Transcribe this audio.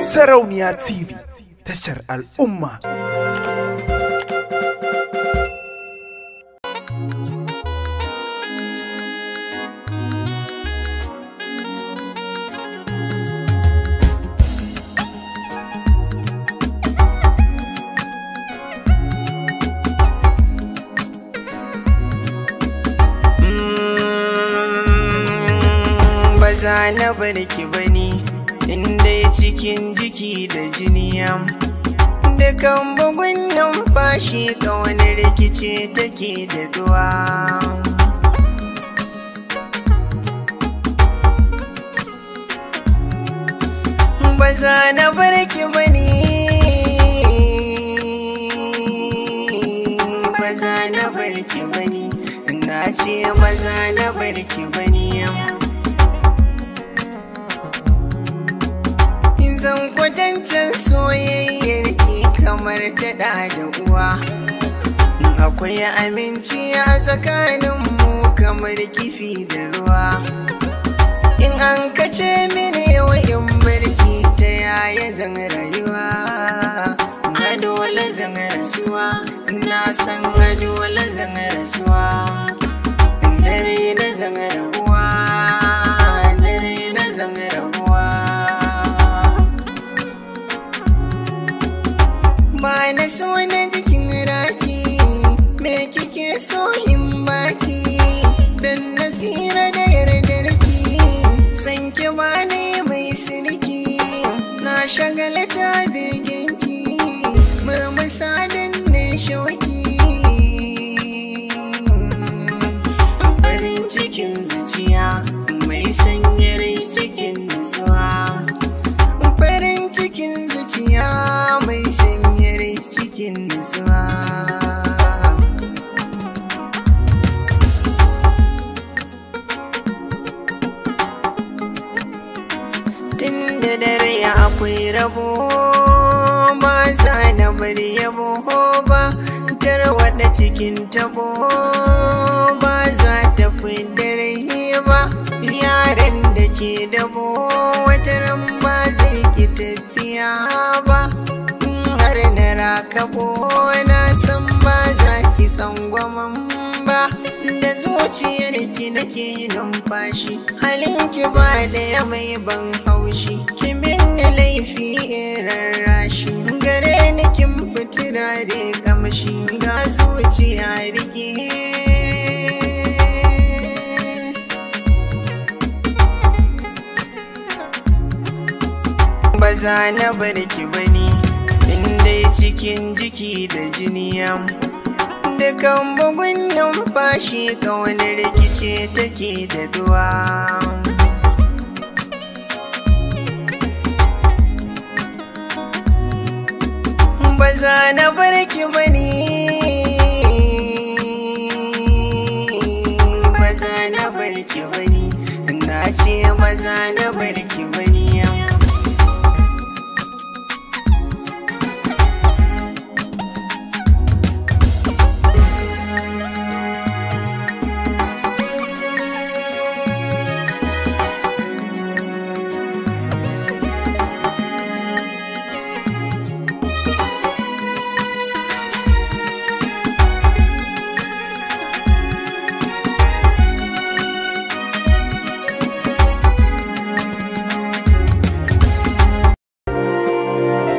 Sarauniya TV tashar al'umma. Hmm, ba za na ba ni. inda cikin jiki da jiniyam dukan bugun numfashi ƙaunar rikici take da duwa ba za na barki bane ba na barki bane na ce ba na barki bane san kudancin soyayyar ki kamar taɗa da uwa akwai aminci a tsakaninmu kamar kifi da ruwa in an kace mini yawa in barki ta yaya zan rayu na so na jikin raki me kike so in baki dan na tsira da yardarki san ki bani mai sirki na shagala cikin nutsuwa tun da dare akwai rabo ba sa na bari yabo ba tarwaɗa cikin tabo ba za ta fi dare ba Yaren da ke dabo wataran ba zai ki tafiya ba har na rakabo na san ba za ki tsangwaman ba da zuciyar ki nake numfashi halinki ba da ya mai ban haushi ki minni laifi irin rashi gare ni kin fitira da kamshi ga zuciya rike ba za na bar ki bane cikin jiki da da dukan bugun numfashi wani rikice take da duwa ba za na barki bane